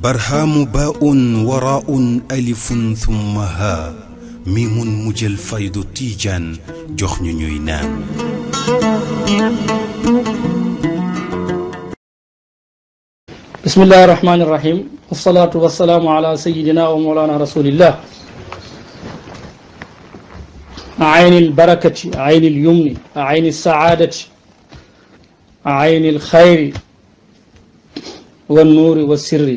برهام باء وراء ألف ثم ها ميم مجل فيض تيجان جخن نينان بسم الله الرحمن الرحيم والصلاة والسلام على سيدنا ومولانا رسول الله عين البركة عين اليمن عين السعادة عين الخير والنور والسر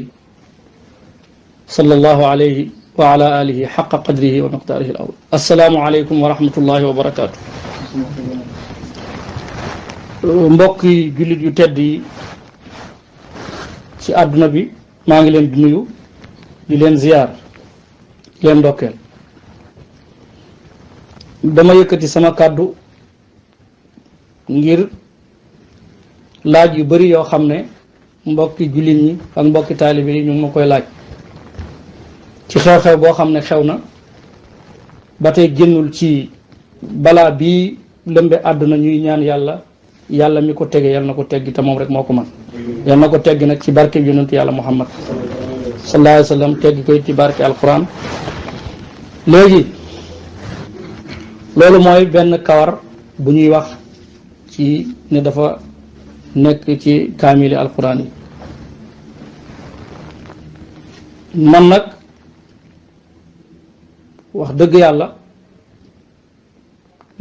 صلى الله عليه وعلى آله حق قدره ومقداره الأول السلام عليكم ورحمة الله وبركاته mbokki jullit yu tedd yi ci àdduna bi maa ngi leen di nuyu di leen ziyaar di leen ndokkeel dama yëkkati sama kàddu ngir laaj yu bari yoo xam ne mbokki jullit ñi ak mbokki taalibe yi ñu ma koy laaj ci xew-xew boo xam ne xew na ba tey génnul ci balaa bii lëmbe àdduna ñuy ñaan yàlla yàlla mi ko tege yàlla na ko teggi te moom rek moo ko man yàlla na ko teggi nag ci barke yonent yàlla muhammad sallallahu alayhi teggi koy ci barke alquran léegi loolu mooy benn kawar bu ñuy wax ci ne dafa nekk ci kaamili alquran yi man nag wax dëgg yàlla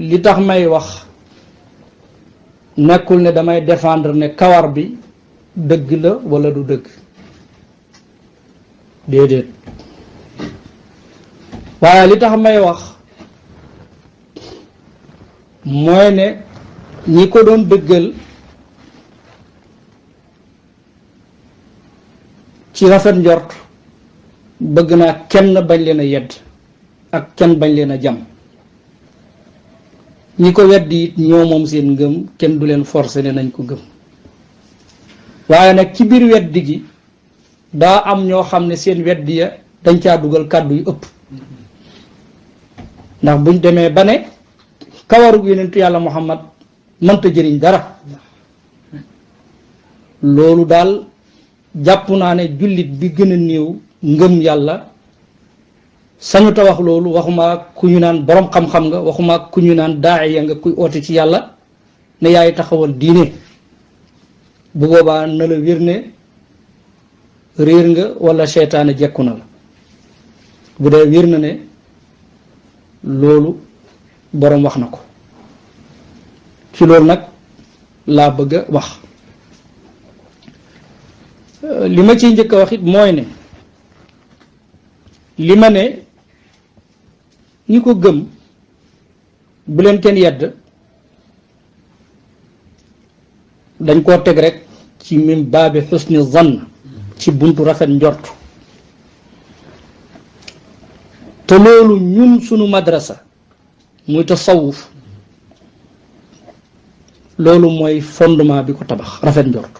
li tax may wax nekkul ne damay défendre ne kawar bi dëgg la walla du dëgg déedéet waaye li tax may wax mooy ne ñi ko doon dëggal ci rafet njort bëgg naa kenn bañ leen a yedd ak kenn bañ leen a jam ñi ko weddi it ñoo moom seen ngëm kenn du leen forcé ne nañ ko gëm waaye nag ci biir weddi gi daa am ñoo xam ne seen weddi ya dañ caa dugal kàddu yu ëpp ndax buñ demee ba ne kawarug yonentu yàlla muhammad mënta jëriñ dara loolu daal jàpp naa ne jullit bi gën a néew ngëm yàlla sañu ta wax loolu waxuma ku ñu naan borom xam-xam nga waxuma ku ñu naan daaya nga kuy oote ci yàlla ne yaay taxawal diine bu boobaa na la wér ne réer nga wala seytaane jekku na la bu dee wér na ne loolu boroom wax na ko ci loolu nag laa bëgg a wax euh, li ma ciy njëkk a wax it mooy ne li ma ne ñi ko gëm bu leen kenn yedd dañ koo teg rek ci min baabi xusni zann ci buntu rafet njort te loolu ñun sunu madrasa متصوف لولو موي فوندما بيكو تباخ رافين جورت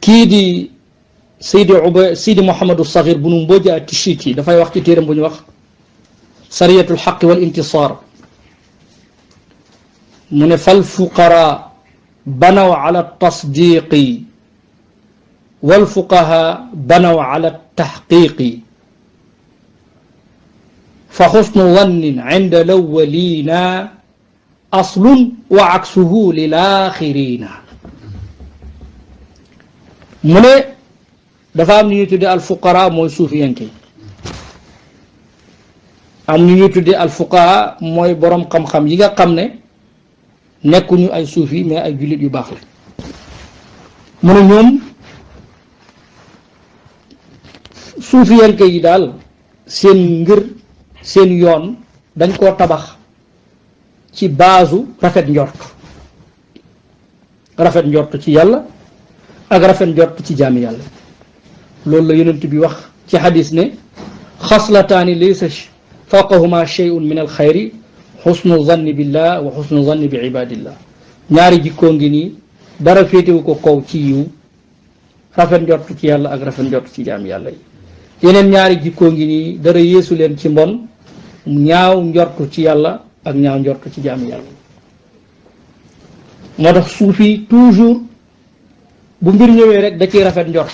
كي دي سيدي عبا سيدي محمد الصغير بن مبوجا تشيتي دا فاي واخ تيرم بو واخ سريه الحق والانتصار من فالفقراء بنوا على التصديق والفقهاء بنوا على التحقيق فحسن ظن عند الأولين أصل وعكسه للآخرين mu ne dafa am ñu ñuy tuddee alfuqara mooy suufiyanke am ñu ñuy tuddee alfuqara mooy boroom xam-xam yi nga xam ne nekkuñu ay suufi mais ay jullit yu baax la mu ne ñoom suufiyanke yi daal seen ngir seen yoon dañ koo tabax ci baasu rafet njort rafet njort ci yàlla ak rafet njort ci jaami yàlla loolu la yonent bi wax ci xadis ne xaslataani laysa fawqahuma shay'un min al xayri xusnu zanni billah wa xusnu zanni bi ibadillah ñaari jikkoo ngi nii dara féetewu ko kaw ci yiw rafet njort ci yàlla ak rafet njort ci jaami yàlla yeneen ñaari jikkoo ngi nii dara yéesu leen ci mbon ñaaw njortu ci yàlla ak ñaaw njortu ci jaam yàlla moo tax suufi toujours bu mbir ñëwee rek da ciy rafet njort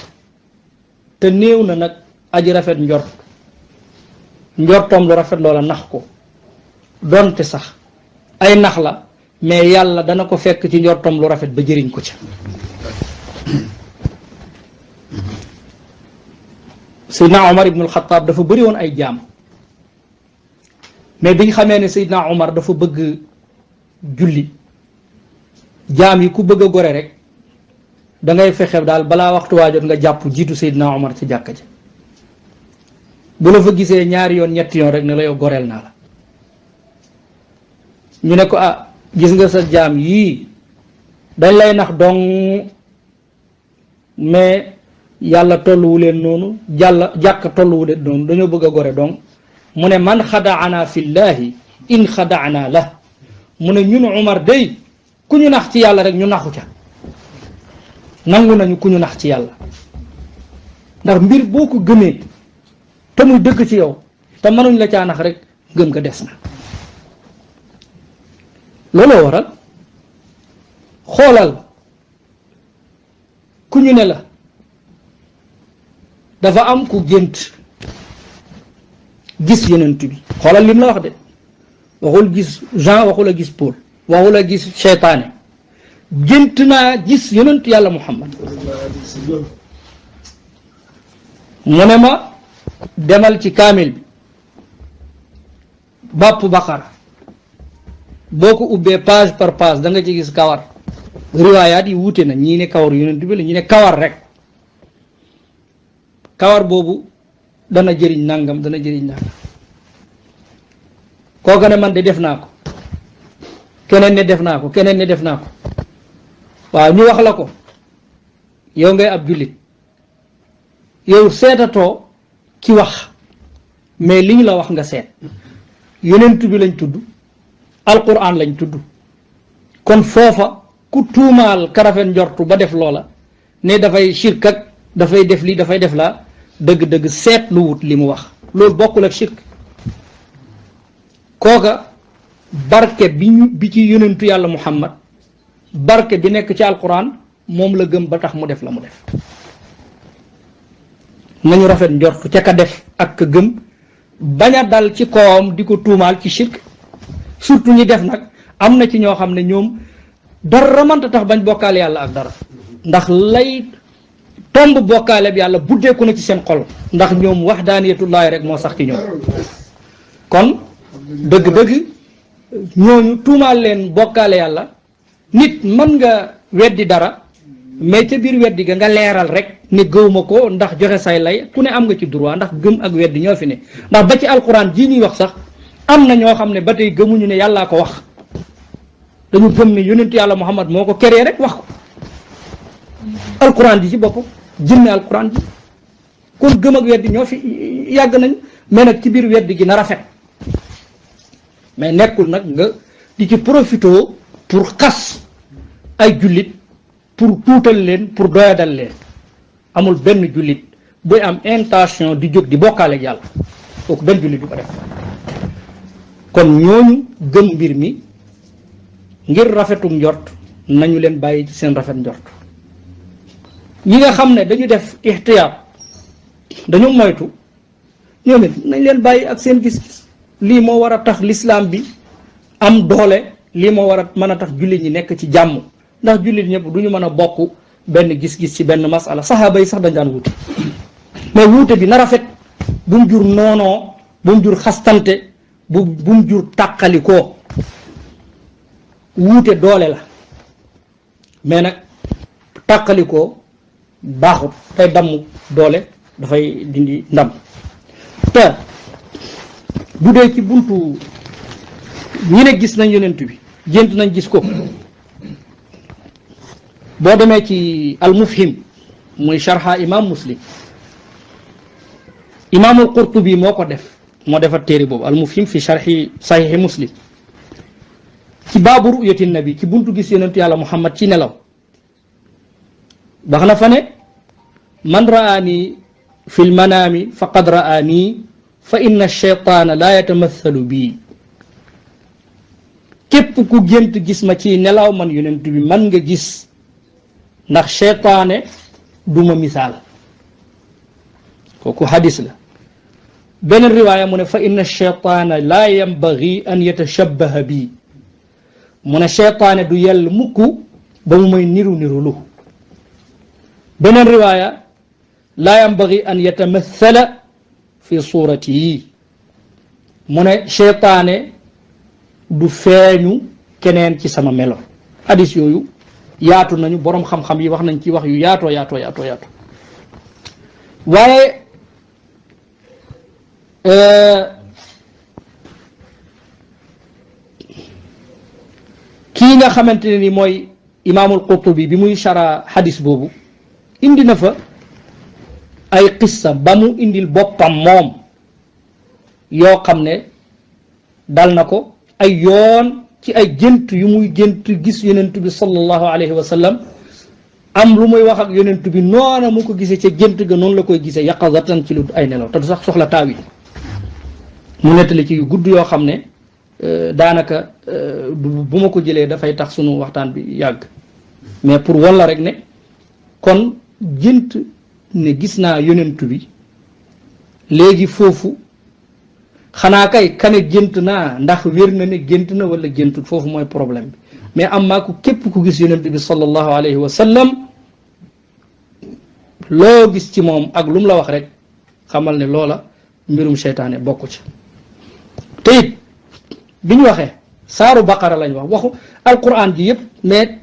te néew na nag aj rafet njort njortoom lu rafet loola nax ko donte sax ay nax la mais yàlla dana ko fekk ci njortoom lu rafet ba jëriñ ko ca Seydina Omar ibnul Xataab dafa bari woon ay jaam mais biñ xamee ne Seydina Omar dafa bëgg julli jaam yi ku bëgg a gore rek dangay ngay daal balaa waxtu waa jot nga jàpp jiitu Seydina Omar ci jàkka ji bu la fa gisee ñaari yoon ñetti yoon rek ne la goreel naa la ñu ne ko ah gis nga sa jaam yii dañ lay nax dong mais yàlla tolluwu leen noonu jàlla jàkk tolluwu leen noonu dañoo bëgg a gore donc mu ne man xadaana fillahi in xadaana la mu ne ñun Umar day ku ñu nax ci yàlla rek ñu naxu ca nangu nañu ku ñu nax ci yàlla ndax mbir boo ko gëmee te muy dëkk ci yow te mënuñ la caa nax rek gëm nga des na looloo waral xoolal ku ñu ne la dafa am ku gént gis yenent bi xoolal lim la wax de waxul gis Jean waxul a gis Paul waxul a gis seytaane gént naa gis yenent yàlla Muhammad mu ne ma demal ci kaamil bi bàpp baqara boo ko ubbee page par page da nga ci gis kawar riwaayaat yi wute na ñii ne kawar yenent bi la ñii ne kawar rek kawar boobu dana jëriñ nangam dana jëriñ nangam kooka ne man de def naa ko keneen ne def naa ko keneen ne def naa ko waaw ñu wax la ko yow ngay ab jullit yow seetatoo ki wax mais li ñu la wax nga seet yonent bi lañ tudd alquran lañ tudd kon foofa ku tuumaal karafen njortu ba def loola ne dafay shirk dafay def li dafay def la deug deug setlu wut limu wax lol bokul ak shirk koga barke biñu bi ci yonentu yalla muhammad barke bi nek ci alquran mom la gem ba tax mu def la mu def nañu rafet njort ca ka def ak ka gem baña dal ci koom di tumal ci shirk surtout ñi def nak amna ci ño xamne ñom dara manta tax bañ bokal yalla ak dara ndax lay tomb bokale bi budde ko ne ci sen xol ndax ñom wax rek mo sax ci ñom kon deug dëgg ñooñu tumal len bokale yalla nit man nga weddi dara mais ca bir weddi ga nga leral rek ne gëwma ndak ndax joxe say lay ku ne am nga ci droit ndax gëm ak weddi ñofi ne ndax ba ci alquran ji ñuy wax sax am na ño xamne ne ba tey gëmuñu ne yalla ko wax dañu gëm ne yonent yalla muhammad moko ko rek wax Al alquran ji ci bokku jinne alquran ji kon gëm ak weddi ñoo fi yàgg nañ mais nag ci biir weddi gi na rafet mais nekkul nag nga di ci profité pour xas ay jullit pour tuutal leen pour doyadal leen amul benn jullit buy am intention di jóg di bokkaale jàll yàlla kooku benn jullit du ko def kon ñooñu gëm mbir mi ngir rafetum njort nañu leen bàyyi ci seen rafet njort ñi nga xam ne dañu def ixtiyaat dañu moytu ñoom it nañ leen bàyyi ak seen gis lii moo war a tax lislaam bi am doole lii moo war a mën a tax jullit ñi nekk ci jàmm ndax jullit ñëpp du ñu mën a bokk benn gis-gis ci benn masala saxaaba yi sax dañ daan wuute mais wuute bi na rafet bu mu jur noonoo bu jur xastante bu bu jur tàqalikoo wuute doole la mais nag tàqalikoo baaxut day damm doole dafay dindi ndam te bu dee ci buntu ñi ne gis nañ yonent bi jént nañ gis ko boo demee ci almufhim muy sharha imam muslim imaamul qurtubi moo ko def moo defar téere boobu almufhim fi sharhi sahihi muslim ci baabu na bi ci buntu gis yonentu yàlla muhammad ci nelaw wax na fane ne man raani fi lmanaami faqad raani fa inna cheytaana laa yatamathalu bii képp ku gént gis ma ci nelaw man yonent bi man nga gis ndax cheytaane du ma misaal kooku hadis la beneen riwaaya mu ne fa inna cheytaana laa yambagi an yatashabbaha bii mu ne cheytaane du yell mukk ba mu may niru niru lu beneen riwaaya laa yambagi an yatamathala fi suratihi mu ne du feeñu keneen ci sama melo hadis yooyu yaatu nañu boroom xam-xam yi wax nañ ci wax yu yaato yaato yaatoo yaatoo waaye euh, kii nga xamante ne ni mooy imaamul Qurtubi bi muy shara hadis boobu indi na fa ay xissa ba mu indil boppam moom yoo xam ne dal na ko ay yoon ci ay gént yu muy gént gis yonent bi sallallahu alayhi wa sallam am lu muy wax ak yonent bi noona mu ko gisee ca gënt ga noonu la koy gisee yaqazatan ci lu ay nelaw te du sax soxla taaw mu nettali ci yu gudd yoo xam ne euh, daanaka euh, bu ma ko jëlee dafay tax sunu waxtaan bi yàgg mais pour walla rek ne kon gént ne gis naa yonentu bi léegi foofu xanaa kay kane gént naa ndax wér na ne gént na wala géntul foofu mooy problème bi mais am maa ko képp ku gis yonent bi sallallahu alayhi wa sallam loo gis ci moom ak lu la wax rek xamal ne loola mbirum seytaane bokku ci te bi ñu waxee saaru baqara lañ wax waxu alquran ji yëpp mais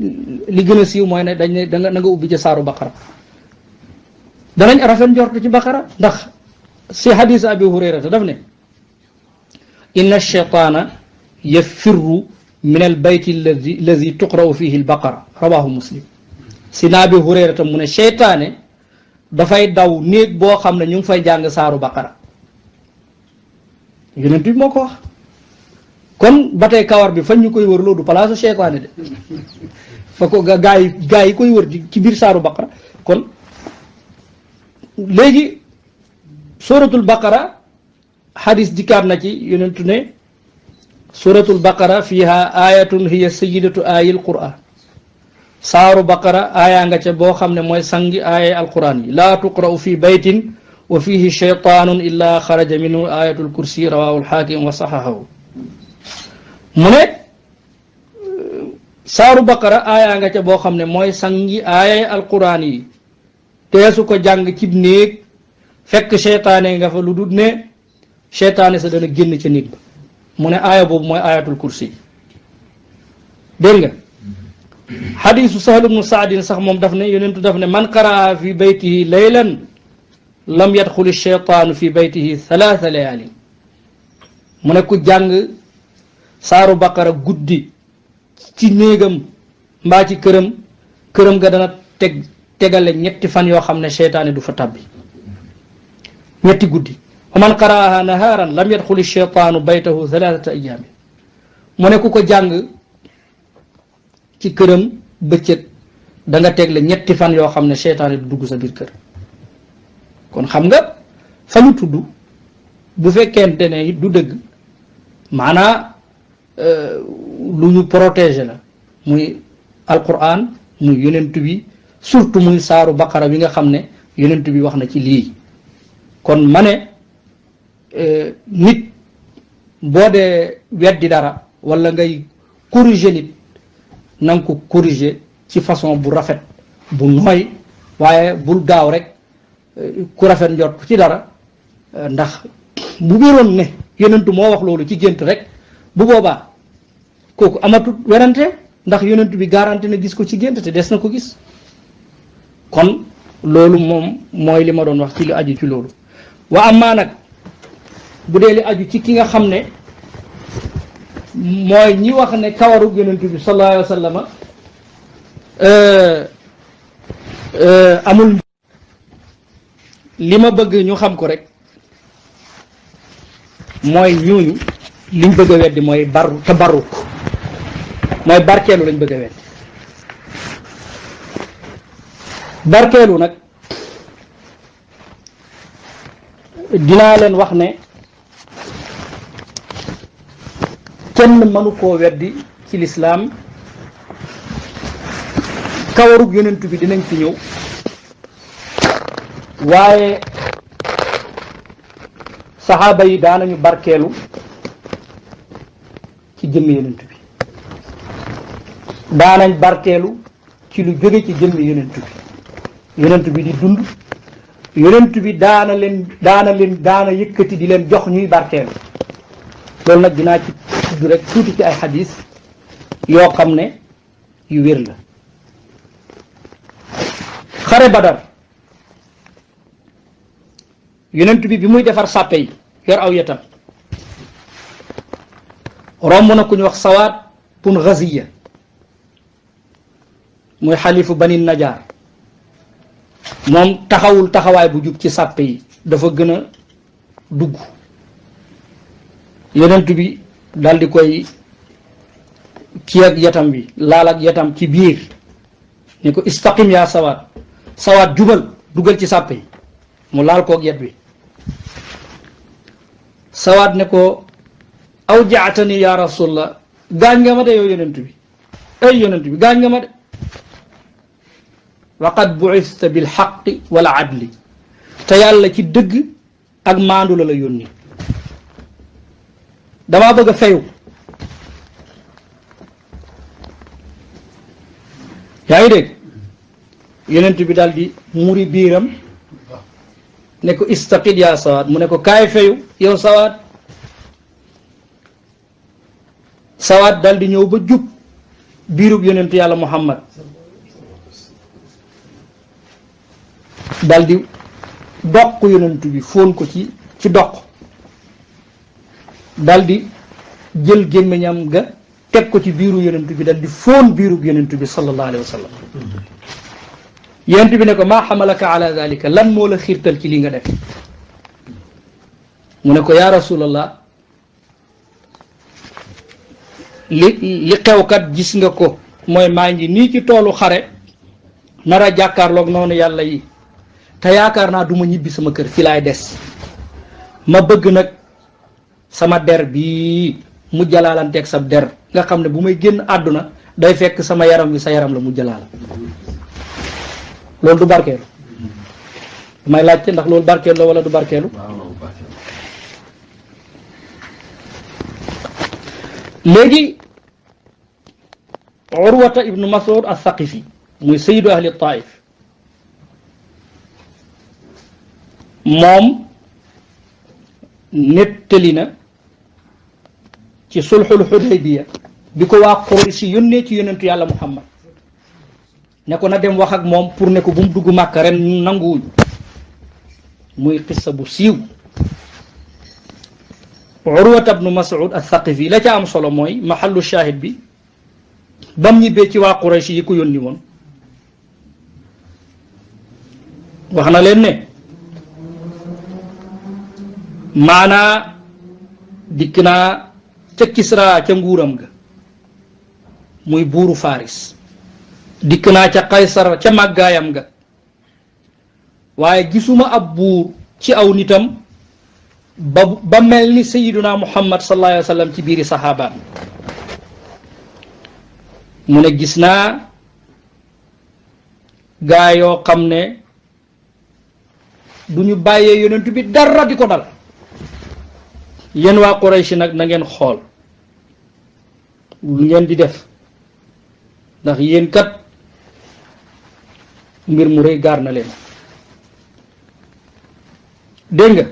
li gën a siiw mooy ne dañ ne da nga ubbi ca saaru baqara danañ rafet njort ci baqara ndax si hadis abi hurayrata daf ne inna cheytaana yafirru min al bayt allazi allazi tuqra'u fihi al baqara muslim si na abi hurayrata mu ne cheytaane dafay daw néeg boo xam ne ñu ngi fay jàng saaru baqara yonent bi moo ko wax kon ba tey kawar bi fañ ñu koy wër loolu du palaasu de fa gaa yi koy wër ci biir saaru baqara kon léegi suratul baqara xadis dikkaat na ci yonentu ne suratul baqara fiha ayatun hiya sayidatu ayil quran saaru baqara aaya nga boo xam ne mooy sangi aaya alquran yi laa tuqra'u fi baytin wa fihi shaytaanun illa xaraja minhu ayatul kursi rawahu alxaakim wa saxahahu baqara aaya nga boo xam ne mooy sangi aaya alquran yi teesu ko jàng cib néeg fekk seytaane nga fa lu dul ne seytaane sa dana génn ca néeg ba mu ne aaya boobu mooy aayatul kursi dégg nga xadiisu sahlu bnu saadin sax moom daf ne yonentu daf ne man qaraa fi baytihi laylan lam yadxuli sheytaanu fi baytihi thalaatha layaalin mu ne ku jàng saaru baqara guddi ci néegam mbaa ci këram këram nga dana teg tegale ñetti fan yoo xam ne seytaane du fa tabbi ñetti guddi wa man qaraaha nahaaran lam yadxuli sheytaanu baytahu thalathata ayaamin mu ne ku ko jàng ci këram bëccëg danga nga tegle ñetti fan yoo xam ne seytaane du dugg sa biir kër kon xam nga fa ñu tudd bu fekkente ne du dëgg maanaa euh, lu ñu protéger la muy alquran muy yonent bi surtout muy saaru baqara bi nga xam ne yonent bi wax na ci lii kon ma ne euh, nit boo dee weddi dara walla ngay corriger nit na ko corriger ci façon bu rafet bu nooy waaye bul gaaw rek euh, ku rafet njort ci dara euh, ndax bu wéroon ne yonentu moo wax loolu ci gént rek bu boobaa kooku amatut werante ndax yonent bi garanti na gis ko ci gént te des na ko gis kon loolu moom mooy li ma doon wax ci li aju ci loolu wa amaa nag bu dee li aju ci ki nga xam ne mooy ñi wax ne kawaru yonent bi sallallahu alayhi wa sallama euh, euh, amul li ma bëgg ñu xam ko rek mooy ñooñu liñ bëgg a weddi mooy baru tabarruk mooy barkeelu lañ bëgg a weddi barkeelu nag dinaa leen wax ne kenn mënu koo weddi ci lislaam kawarug yonent bi dinañ fi ñëw waaye saxaaba yi daanañu barkeelu ci jëmmi yonent bi daanañ barkeelu ci lu jóge ci jëmmi yonent bi yonent bi di dund yonent bi daana leen daana leen daana yëkkati di leen jox ñuy barkeel loolu nag dinaa ci tudd rek tuuti ci ay xadis yoo xam ne yu wér la xare badar yonent bi bi muy defar sàppe yi yor aw yetam romb na ku ñu wax sawaat pun gaziya muy xalifu bani najaar moom taxawul taxawaay bu jub ci sàppe yi dafa gën a dugg yonent bi daal di koy kii ak yatam bi laal ak yatam ci biir ni ko istaqim yaa sawaat sawaat jubal dugal ci sàppe yi mu laal koog yet bi sawaat ne ko aw jaatani yaa rasulallah gaañ nga ma de yow yonent bi ay yonent bi gaañ nga ma de waqad buista bil xaqi wala adli te yàlla ci dëgg ak maandu la la yónni damaa bëgg a fayu yaa ngi dégg yenent bi daal di muri biiram ne ko istaqid yaa sawaat mu ne ko kaay fayu yow sawaat sawaat daal ñëw ba jub biirub yonentu yàlla muhammad daldi di doq yonent bi fóon ko ci ci doq daldi jël gémmiñam ga teg ko ci biiru yonent bi dal di fóon biiru yonent bi sallallahu alayhi wa sallam yonent bi ne ko maa xamalaka ala dalika lan moo la xiirtal ci li nga def mu ne ko yaa rasulallah li li xewkat gis nga ko mooy maa ngi nii ci toolu xare nar a jàkkaarloog noonu yàlla yi ta yaakar na menyibis ñibbi sama kër fi lay dess ma bëgg nak sama der bi mu ak sab der nga xamne bu may genn aduna day fekk sama yaram wi sa yaram la mu jalal lool du barkeelu may laacc ndax lool barkeelu la wala du lu? legi urwata ibnu masud al thaqifi muy sayidu ahli taif moom nettali na ci sulxul xudaybiya bi ko waa Quraysh yónnee ci yonentu yàlla Muhammad ne ko na dem wax moom pour ne ko bum mu dugg màkk ren nanguwuñu muy qissa bu siiw urwat ibnu mas'ud athaqifi la ca am solo mooy mahallu shahid bi bam ñibbee ci waa Quraysh yi ko yónni woon wax na leen ne maanaa dikk naa ca Kisra ca nguuram ga muy buuru Faris dikk naa ca Kaysar ca màggaayam ga waaye gisuma ab buur ci aw nitam ba ba mel ni sayiduna muhammad sallallahu alayhi wa sallam ci biiri saxaabaam mu ne gis naa gaa yoo xam ne du ñu bàyyee yonentu bi dara di ko dal yéen waa Quraysh nag na ngeen xool ngeen di def ndax yéen kat mbir mu rëy gaar na leen dégg nga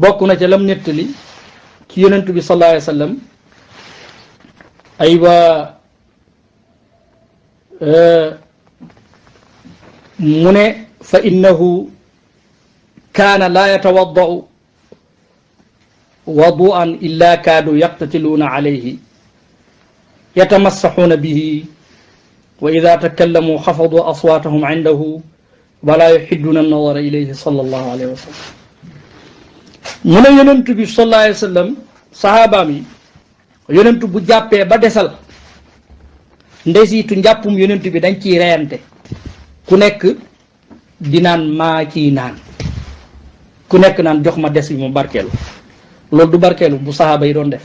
bokk na ca lam nettali ci yonent bi sallallahu alayhi wa sallam ay waa eh, mu ne fa innahu kaana laa yatawaddau wadu'an illa kaadu yaqtatiluuna alayhi yatamassaxuuna bihi wa ida takallamu xafadu aswaatahum indahu wala yuxidduuna annadara ilayhi sallallahu alayhi wa sallam mu ne yonentu bi sallallahu alayhi bu jàppee ba desal ndesiitu njàppum yonentu bi dañ ciy reyante ku nekk di naan maa ciy nekk naan jox ma des bi mu barkeelu loolu du barkeelu bu saxaaba yi doon def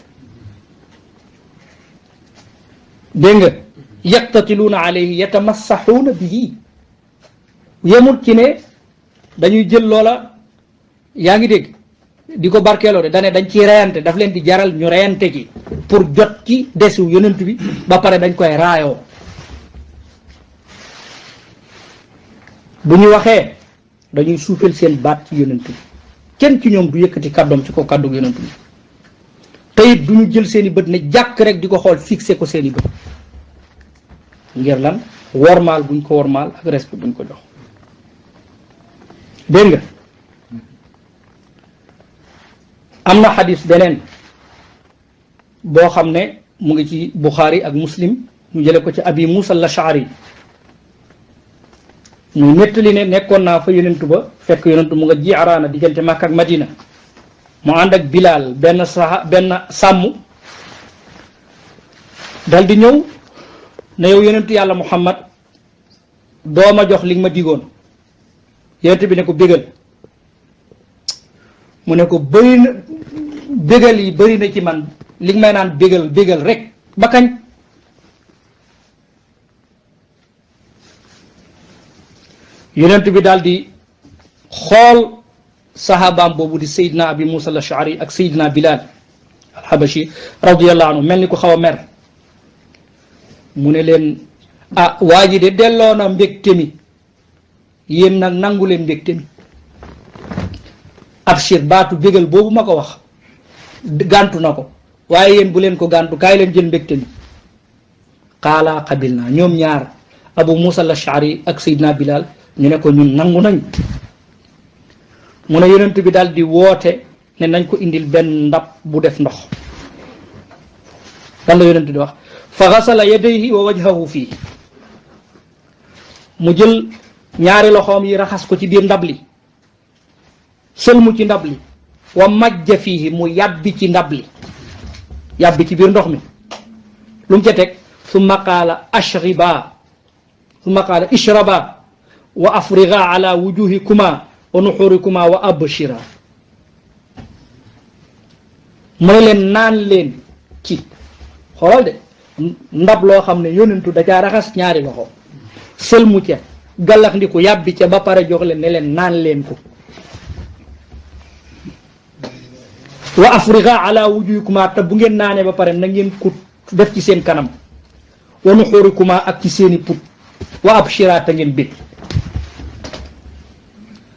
dégg nga yaqtatiluuna alayhi yatamassaxuuna bihi yemul ci ne dañuy jël loola yaa ngi dégg di ko barkeeloo de dane dañ ci reyante daf leen di jaral ñu reyante gi pour jot ci desu yonent bi ba pare dañ koy raayoo bu ñu waxee dañuy suufeel seen baat ci yonent bi kenn ci ñoom du yëkkati kàddoom ci ko kàddu yonent bi te du ñu jël seen i bët ne jàkk rek di ko xool fixé ko seen i bët ngir lan wormaal buñ ko wormaal ak respect buñ ko jox dégg nga am na xadis beneen boo xam ne mu ngi ci Buxaari ak Muslim ñu jële ko ci abi Muusa al-Ash'ari ñu nettali ne nekkoon naa fa yonentu ba fekk yonentu mu nga ji araana diggante Makka ak Madina mu ànd ak Bilaal benn sa benn sàmm dal di ñëw ne yow yonentu yàlla Muhammad dooma jox li ma digoon yonent bi ne ko bégal mu ne ko bëri yi bëri na ci man li nga may naan bégal bégal rek ba kañ yonent bi daal di xool sahabaam boobu di sayidna abi moussa al ashari ak sayidna bilal alxabashi radiallahu anhu mel ni ku xaw a mer mu ne leen a ah, waa ji de delloo na mbégte mi yéen nag nangu leen mbégte mi abshir baatu bégal boobu ma ko wax gàntu na ko waaye yéen bu leen ko gàntu kaay leen jël mbégte mi qaala qabil naa ñoom ñaar abu moussa al ashari ak sayidna bilaal ñu ne ko ñun nangu nañ mu ne yonent bi daal di woote ne nañ ko indil benn ndab bu def ndox lan la yonent di wax fa xasala yadayhi wa wajhahu fii mu jël ñaari loxoom yi raxas ko ci biir ndab li sëlmu ci ndab li wa majja fiihi mu yàbbi ci ndab li yàbbi ci biir ndox mi lu mu ca teg summa qaala ashriba summa qaala wa afriga ala wujuhikuma wa nuxurikuma wa abshira mu ne naan leen ci xoolal de ndab loo xam ne yonentu da caa raxas ñaari loxo sëlmu ca gàllax ndiku yàbbi ca ba pare jox leen ne leen naan leen ko wa afriga ala wujuhikuma te bu ngeen naanee ba pare na ngeen ko def ci seen kanam wa nuxurikuma ak ci seeni put wa abshira te ngeen bég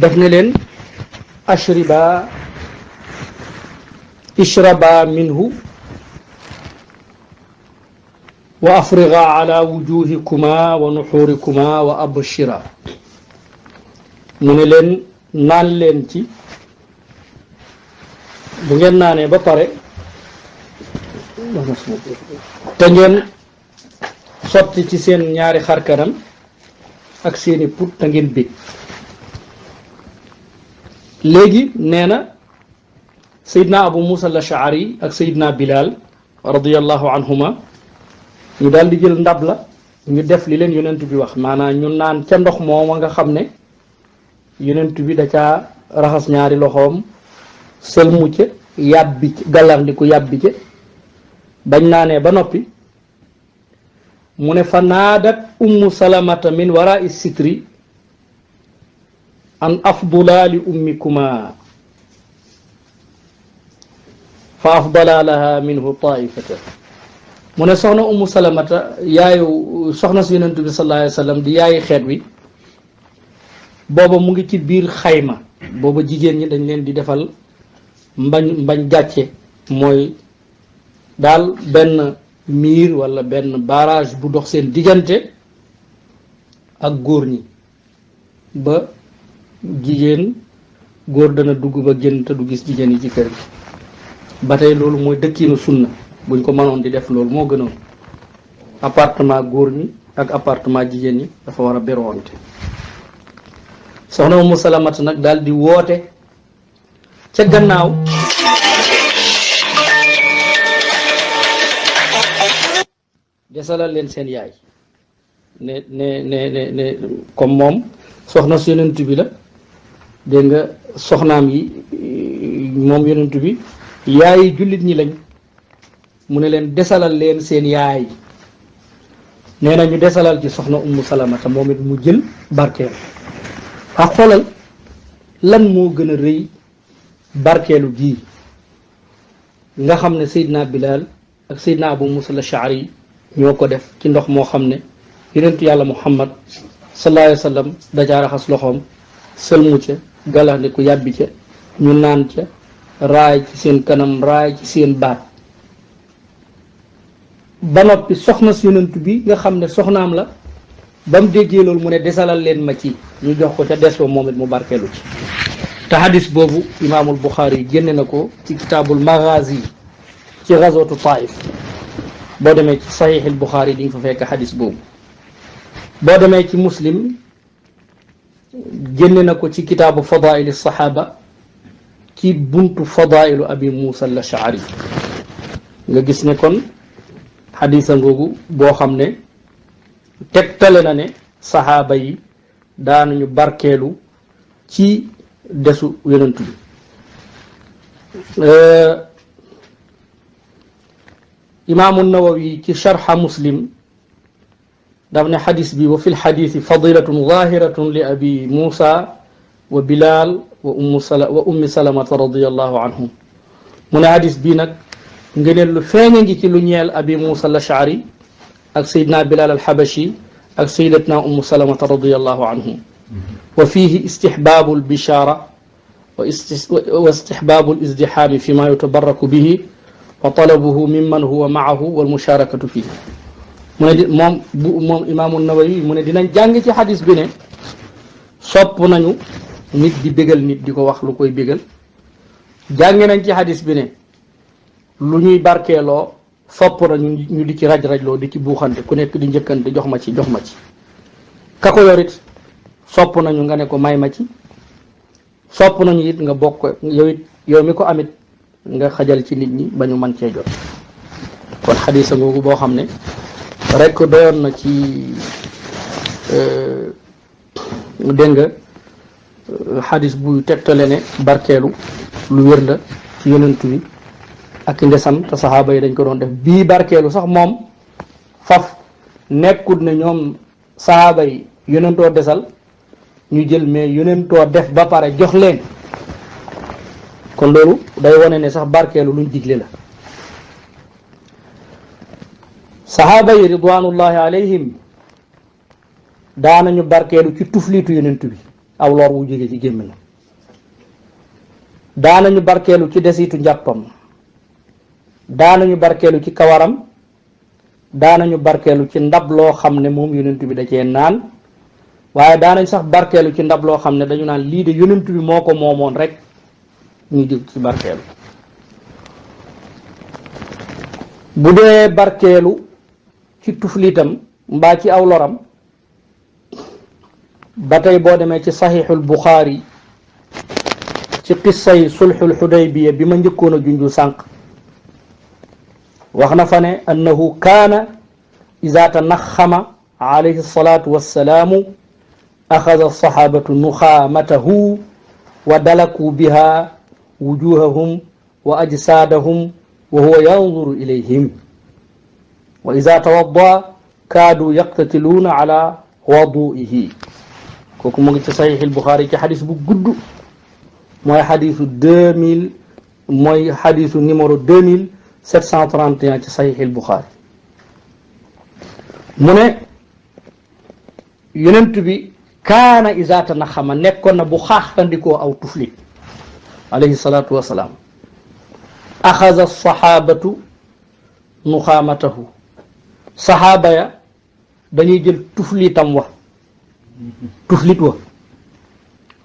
daf ne leen ashriba ishraba minhu wa afriga ala wujuhikuma wa nuxurikuma wa abshira mu ne leen naan leen ci bu ngeen naanee ba pare te ngeen sotti ci seen ñaari xarkanam ak seeni put te ngeen bég léegi nee na sayidna abu musa la shaari ak sayidna bilal radiallahu anhuma ñu daal di jël ndab la ñu def li leen yonent bi wax maanaam ñu naan ca ndox mooma nga xam ne yonent bi da caa raxas ñaari loxoom sël mucc yàbbi gàllandiku yàbbi ci bañ naanee ba noppi mu ne fa naadat ummu salamata min waraa sitri an afdala li ummikuma fa afdala laha minhu taifata mu ne soxna umu salamata yaayu soxna si yonent bi sallallahu alayhi sallam di yaayu xeet wi booba mu ngi ci biir xayma booba jigéen ñi dañ leen di defal mbañ mbañ gàcce mooy daal benn miir walla benn barrage bu dox seen diggante ak góor ñi ba jigéen góor dana dugg ba génn te du gis jigéen yi ci kër gi ba tey loolu mooy dëkkiinu sunna buñ ko mënoon di def loolu moo gënoon appartement góor ni ak appartement jigéen ñi dafa war a beroonte soxna Umu nag daal di woote ca gannaaw desalal leen seen yaay ne ne comme moom soxna su yonent bi la dégg nga soxnaam yi moom yonent bi yaayi jullit ñi lañ mu ne leen desalal leen seen yaay nee na ñu desalal ci soxna ummu salamata moom it mu jël barkeelu ak ah, xoolal lan moo gën a rëy barkeelu gii nga xam ne Seydina Bilal ak Seydina Abu Musa al-Ash'ari ñoo ko def ci ndox moo xam ne yonentu yàlla Muhammad sallallahu alayhi wa sallam raxas loxoom sëlmu ca galaxndiku yàbbi ca ñu naan ca raay ci seen kanam raay ci seen baat ba noppi soxna si bi nga xam ne soxnaam la ba déggee loolu mu ne desalal leen ma ci ñu jox ko ca des ba moom it mu barkeelu ci te hadis boobu imaamul Buxaari yi génne na ko ci kitaabul magazi ci razootu taif boo demee ci saxiixil Buxaari yi di fa fekk hadis boobu boo demee ci muslim génne na ko ci kitaabu fadaili sahaba ci buntu fadailu abi moussa la shaari nga gis ne kon xadisa ngoogu boo xam ne tegtale na ne sahaaba yi daanañu barkeelu ci desu yonentu bi euh, imaamu nawawi ci sharxa muslim دابني حديث بي وفي الحديث فضيلة ظاهرة لأبي موسى وبلال وأم سلمة رضي الله عنهم من حديث بينك نجي لفين نجي تلونيال أبي موسى الأشعري أك سيدنا بلال الحبشي أك سيدتنا أم سلمة رضي الله عنهم وفيه استحباب البشارة واستحباب الازدحام فيما يتبرك به وطلبه ممن هو معه والمشاركة فيه mu ne di moom bu moom imaamu Nawawi mu ne dinañ jàng ci xadis bi ne sopp nañu nit di bégal nit di ko wax lu koy bégal jànge nañ ci xadis bi ne lu ñuy barkeeloo sopp nañu ñu di ci raj-rajloo di ci buuxante ku nekk di njëkkante jox ma ci jox ma ci ka ko yorit sopp nañu nga ne ko may ma ci sopp nañu it nga bokk yow it yow mi ko amit nga xajal ci nit ñi ba ñu mën cee jot kon xadisa googu boo xam ne rek doyoon na ci euh, dégg nga euh, xadis buy tegtale ne barkeelu lu wér la ci yonent bi ak ndesam te saxaaba yi dañ ko doon def bii barkeelu sax moom faf nekkut ne ñoom saxaaba yi yonentoo desal ñu jël mais yonentoo def ba pare jox leen kon loolu day wane ne sax barkeelu luñ digle la saxaaba yi ridwanullahi alayhim ñu barkeelu ci tuflitu yonent bi aw lor wu jóge ci daana ñu barkeelu ci desitu njàppam ñu barkeelu ci kawaram daana ñu barkeelu ci ndab loo xam ne moom yonent bi da cee naan waaye daanañ sax barkeelu ci ndab loo xam ne dañu naan lii de yonent bi moo ko moomoon rek ñu jël ci barkeelu bu dee barkeelu ci tuflitam mbaa ci aw loram ba tey boo demee ci saxiixul buxaari ci qissay sulxul xudaybiya bi ma njëkkoon a junju sànq wax na fa ne annahu kaana ida tanaxama alayhi alsalatu wassalaamu axada alsaxaabatu nuxaamatahu wa dalakuu biha wujuhahum wa ajsaadahum wa huwa yanzuru ilayhim wa ida tawadda kaadu yaqtatiluuna ala waduihi kooku mu ngi ci saxiix al-Buxaari ci xadis bu gudd mooy xadisu deux mille mooy xadisu numéro deux mille sept cent trente et un ci saxiix al-Buxaari mu ne yonent bi kaana ida tanaxama nekkoon na bu xaaxtandikoo aw tuflit alayhi salaatu wasalaam axada saxaabatu nuxaamatahu sahaba ya dañuy jël tuflitam wa tuflit wa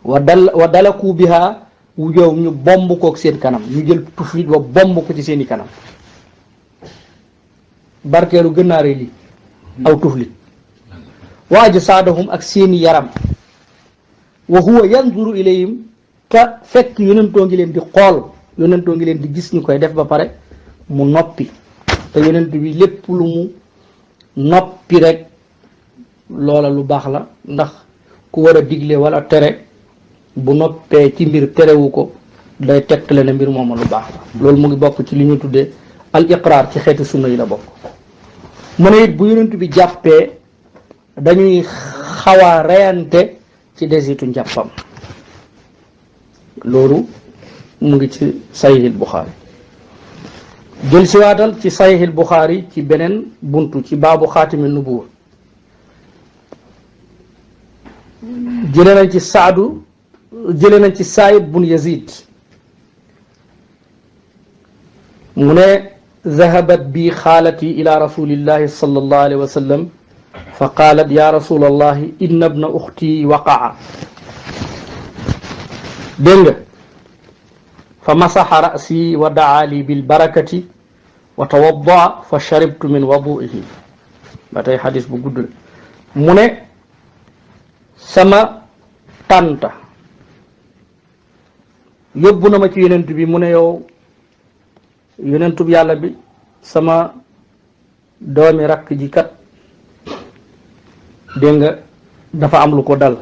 wa dal wa dalaku biha wujowum ñu bomb ak seen kanam ñu jël tuflit wa bomb ko ci seen kanam barkelu gënnaare li aw tuflit waji sadahum ak seen yaram wa huwa yanzuru ilayhim ka fek yonento ngi len di xol yonento ngi len di gis ñukoy def ba pare mu noppi te yonent bi lepp lu mu noppi rek loola lu baax la ndax ku war a digle wala tere bu noppee ci mbir terewu ko day tegtale ne mbir mooma lu baax la loolu mu ngi bokk ci li ñu tuddee al ci xeetu sunna yi la bokk mu ne it bu yonent bi jàppee dañuy xaw a reyante ci desitu njàppam loolu mu ngi ci sahihil Buxaari jël si waatal ci sayxil buxaari ci beneen buntu ci baabu xaatimi nubuwa jële nañ ci saadu jële nañ ci saayid bun yazid mu ne zahabat bi xaalati ila rasulillahi sallallahu alayhi wa sallam fa qaalat ya rasulallahi inna bna uxti waqaa dégg nga fa masaxa rasi wa daa li bilbarakati wa tawaddaa fa sharibtu min waduihi ba tey xadis bu gudd la mu ne sama tànta yóbbu na ma ci yonent bi mu ne yow yonentub yàlla bi sama doomi rakk ji kat dégg nga dafa am lu ko dal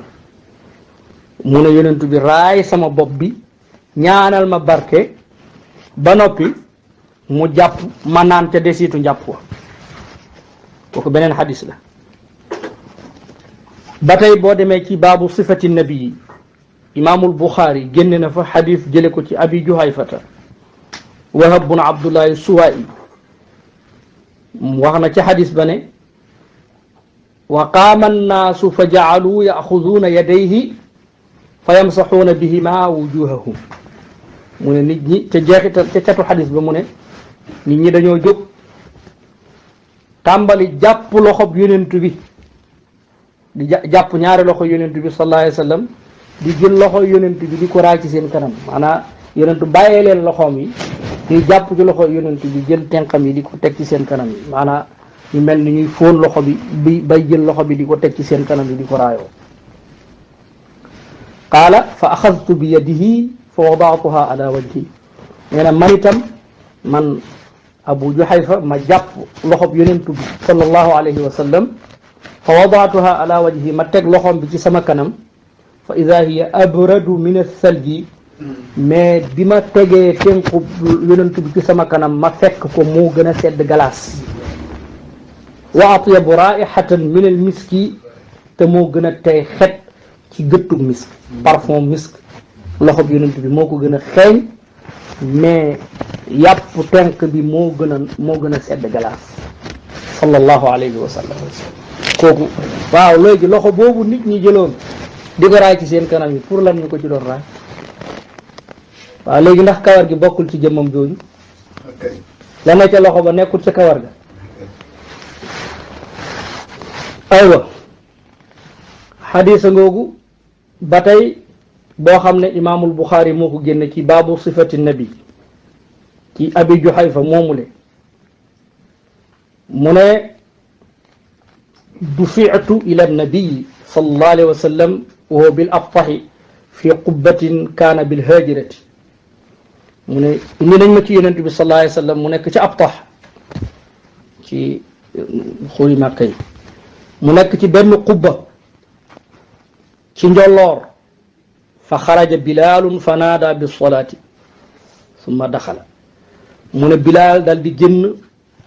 mu ne yonent sama bopp bi ñaanal ma barke ba noppi mu jàpp ma naan ca desitu njàpp wa kooku beneen xadis la ba tey boo demee ci baabu sifati nabii imaamul buxaari génne na fa xadis jële ko ci abi juhayfata wahab bun abdullahi suwaayi wax na ci xadis ba ne wa qaama annaasu fa jacaluu yaxuduuna yadayhi fa yamsaxuuna bihima wujuhahum mu ne nit ñi ca jeexital ca catu xadis ba mu ne nit ñi dañoo jóg tàmbali jàpp loxob yonentu bi di jàpp ñaari loxo yonentu bi sallallahu alayhi wa sallam di jël loxo yonentu bi di ko raay ci seen kanam maanaam yonentu bàyyee leen loxoom yi di jàpp ci loxo yonentu bi jël tenqam yi di ko teg ci seen kanam yi maanaa ñu mel ni ñuy fóon loxo bi bi bay jël loxo bi di ko teg ci seen kanam yi di ko raayoo qaala fa axadtu bi yadihi فوضعتها على وجهي من يعني مريتم من أبو جحيفة ما جاب لخب ينمتو صلى الله عليه وسلم فوضعتها على وجهي ما تك لخب بجسم كنم فإذا هي أبرد من الثلج ما بما تك تنقب ينمتو بجسم كنم ما فك كمو جنسيد غلاس وأطيب رائحة من المسك تمو جنتي خط كي جتو مسك بارفوم مسك loxo loxob yonent bi moo ko gën a xeeñ mais yàpp tenk bi moo gën a moo gën a sedd galaas sallallahu alayhi wa sallam kooku waaw léegi loxo boobu nit ñi jëloon di ko raay ci seen kanam yi pour lan ko ci doon raay waaw léegi ndax kawar gi bokkul ci jëmmam jooju la ne loxo ba nekkul ci kawar ga aywa xadiisa ngoogu ba tey boo xam ne imaamul buxaari moo ko génne ci baabu sifati nabi ci abi juhayfa moomule mu ne dufiatu ila nabii sallallahu alayhi wa sallam wa bil aftahi fi qubbatin kaana bil haajirati mu ne indi nañ ma ci yonent bi sallallahu alayhi wa sallam mu nekk ci abtah ci uh, xuri màkka yi mu nekk ci benn qubba ci njolloor fa xaraja bilaalun fa naada bi solaati summa daxala mu ne bilaal dal di génn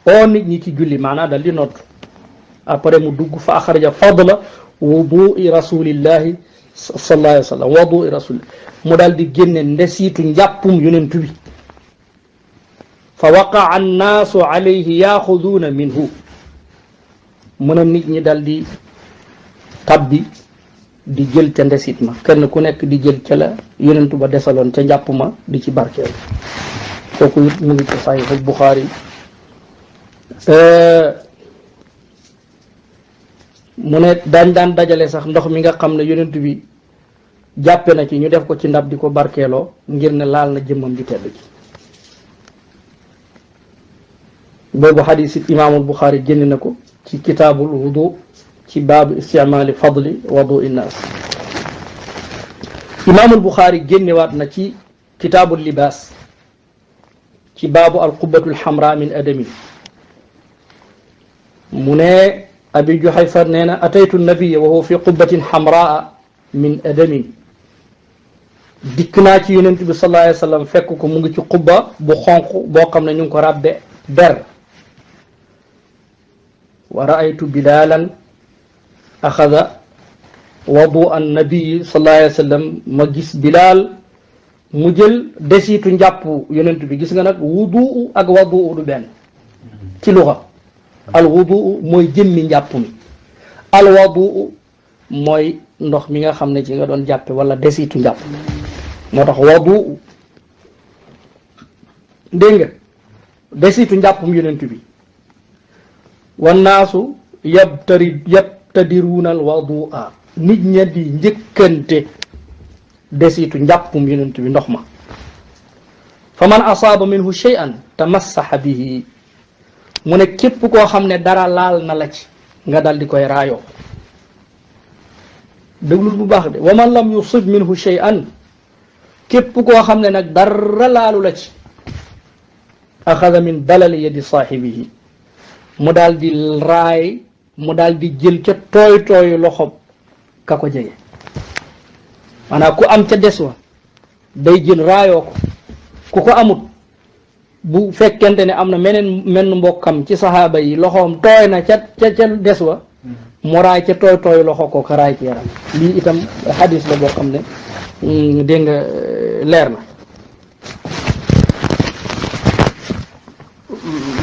oo nit ñi ci julli maanaam dal di nodd après mu dugg fa axraja fadla wudui rasulillahi sallallahu alayhi wa sallam wudui rasul mu dal di génne ndesiitu njàppum yonent bi fa waqaa annaasu alayhi yaaxuduuna minhu mu ne nit ñi dal di tabbi di jël ca ndesit ma kenn ku nekk di jël ca la yonentu ba desaloon ca njàpp ma di ci barkeel kooku it mu ngi ci saxiixul Buxaari mu ne daañ daan dajale sax ndox mi nga xam ne yonent bi jàppe na ci ñu def ko ci ndab di ko barkeeloo ngir ne laal na jëmmam di tedd ci boobu xadiis imaamul Buxaari génn na ko ci kitaabul wudu ci baabu istimaali fadli wadu innaas imaamul buxaari génnewaat na ci kitaabul libaas ci baabu alqubatul xamra min adami mu ne abi juhayfa nee na ataytu nabiya wa huwa fi qubatin xamraa min adamin dikk naa ci yonent bi sallallahu alayhi wa fekk ko mu ngi ci bu xonq boo xam ne ñu ngi ko ràbbe axada wadu an nabii sallallahu alayhi wa sallam ma gis bilaal mu jël desitu njàpp yonent bi gis nga nag wudu ak wadu du benn ci luxa al wudu mooy jëmmi njàpp mi al wadu mooy ndox mi nga xam ne ci nga doon jàppe wala desitu njàpp moo tax wadu dégg nga desitu njàppum yonent bi wannaasu yabtari yab yaqtadiruuna alwadua nit ña di njëkkante desitu njàppum yonent bi ndox ma fa man asaaba minhu shay'an tamassaxa bihi mu ne képp koo xam ne dara laal na la ci nga dal di koy raayoo déglul bu baax de wa man lam yusib minhu shay'an képp koo xam ne nag dara laalu la ci axada min balali yadi saaxibihi mu daal raay mu daal di jël ca tooy tooyu loxo ka ko jege maanaam ku am ca des wa day jël raayoo ko ku ko amut bu fekkente ni am na meneen menn mbokkam ci saxaaba yi loxoom tooy na ca ca ca des wa mu raay ca tooy tooyu loxo ko ka raay ci yaram lii itam xadis la boo xam ne mm, dégg nga euh, leer na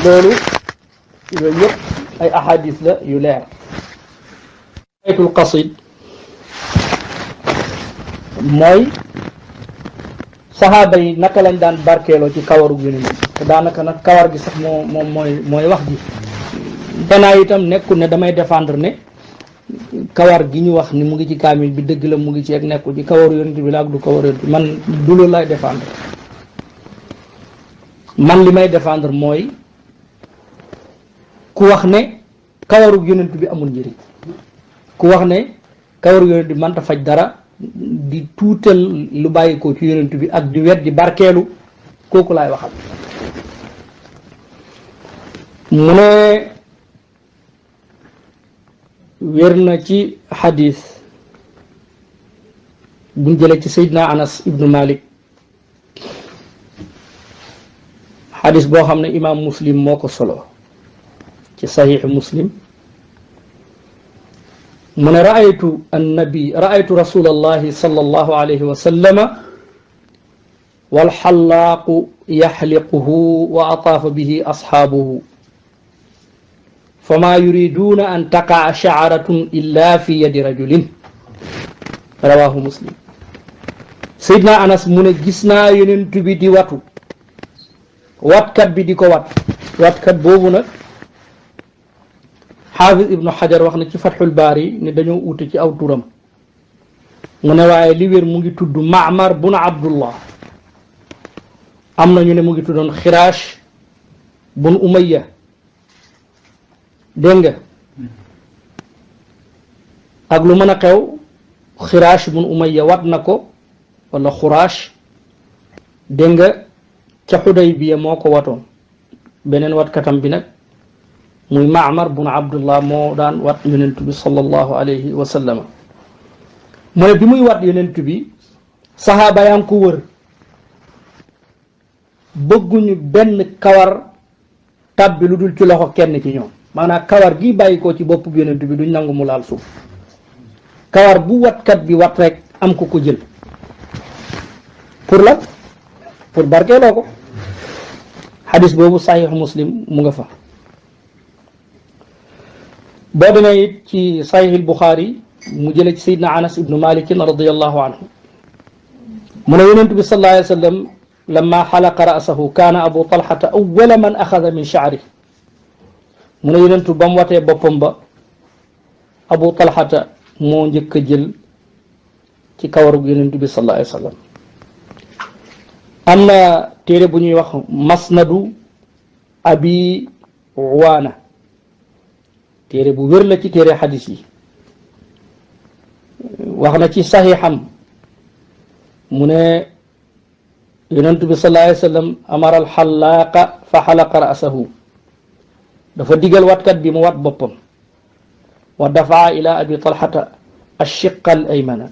loolu yooyu yëpp ay ahadis la yu leer baytul qasid mooy saxaaba yi naka lañ daan barkeeloo ci kawaru yonent bi te daanaka nag kawar gi sax moo mooy wax ji danaa itam nekkul ne damay defendre ne kawar gi ñu wax ni mu ngi ci kaamil bi dëgg la mu ngi ci ak nekku ci kawaru yonent bi la ak du kawaru yonent bi man du loolu lay défendre man li may defendre mooy ku wax ne kawaru yonent bi amul njëriñ ku wax ne kawaru yonent bi mënta faj dara di tuutal lu bàyyi ko ci yonent bi ak di wet di barkeelu kooku laay waxal mu ne wér na ci xadis buñ jëlee ci Seydina Anas ibnu Malik xadis boo xam ne imaam muslim moo ko solo ci saxiixu muslim mu ne raaytu annabi raaytu rasulallahi sallallahu alayhi wa sallama والحلاق يحلقه وأطاف به أصحابه فما يريدون أن تقع شعرة إلا في يد رجل رواه مسلم سيدنا أنس من جسنا ينتبه دي واتو واتكب كوات وات واتكب بوبنا xaafis ibnu xajar wax na ci fatxul baari ni dañoo uute ci aw turam mu ne waaye li wér mu ngi tudd maamar bun abdullah am na ñu ne mu ngi tuddoon xiraash bun umayya dégg nga ak lu mën a xew xiraash bun umayya wat na ko wala xuraash dégg nga ca xuday moo ko watoon beneen wat watkatam bi nag muy maamar bun abdullah mo dan wat yonent bi sallallahu alayhi wa sallam mu bi muy wat yonent bi sahaba yam ko wër bëgguñu ben kawar tabbi ludul ci loxo kenn ci ñoom manana kawar gi bayiko ci bop bi yonent bi duñ nangum laal suuf kawar bu kat bi wat rek am ko ko jël pour la pour barké hadis bobu sahih muslim mu nga fa boo demee it ci sahih al-Bukhari mu jële ci sayidna anas ibnu malikin radiallahu anhu mu ne yonent bi sallallahu alayhi wa sallam lamma xalaqa ra'sahu kaana abu talxata awala man axada min chaari mu ne yonentu ba mu watee boppam ba abu talxata moo njëkk a jël ci kawarug yonent bi sallallahu alayhi wa sallam am na téere bu ñuy wax masnadu abi waana téere bu wër la ci téere xadis yi wax na ci saxiixam mu ne yonent bi sallallahu alayhi wa sallam fa xalaqa ra'sahu dafa digal watkat bi mu wat boppam wa dafa ila abi talxata ashiqa al aymana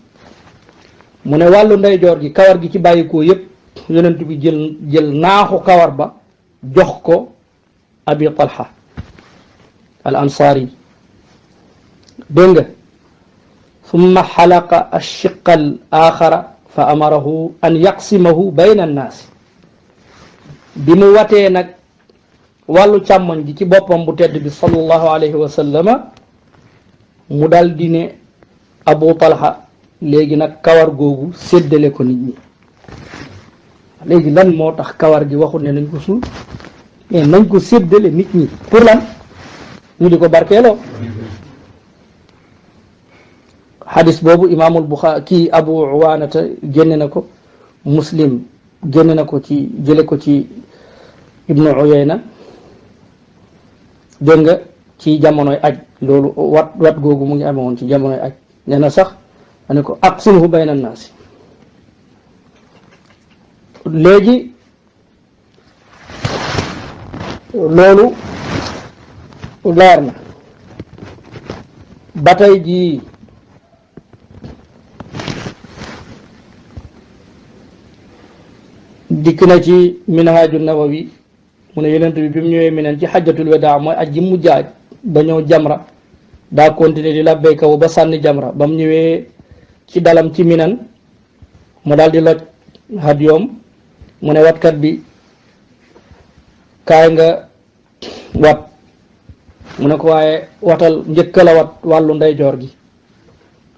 mu ne wàllu ndeyjoor gi kawar gi ci bàyyikoo yépp yonent bi jël jël naaxu kawar ba jox ko abi talxa al ansaari dégg nga summa xalaqa achiqa al axara fa amarahu an yaqsimahu bayna annaasi bi mu watee nag wàllu càmmoñ gi ci boppam bu tedd bi sallallahu alayhi wa mu daldi ne abu talha léegi nag kawar googu seddale ko nit ñi léegi lan moo tax kawar gi waxul ne nañ ko suul mais nañ ko ñi pour lan ñu di ko barkeeloo xadis boobu imaamul buxaari kii abu uwaanata génne na ko muslim génne na ko ci jële ko ci ibnu uyayna dégg nga ci jamonoy aj loolu wat googu mu ngi amoon ci jamonoy aj nee na sax ma ne ko aqsimhu bayna naasi léegi loolu leer na ba tey jii dikk na ci minhaaju nawawi mu ne yonent bi bi mu ñëwee minen ci xajjatul wadaa mooy aj ji mu jaaj ba ñëw jamra daa continuer di labbayka wa ba sànni jamra ba mu ñëwee ci dalam ci minan mu daal di loj hadiyoom mu ne watkat bi kaay nga wat mu ne ko waaye watal njëkkal a wat wàllu ndeyjoor gi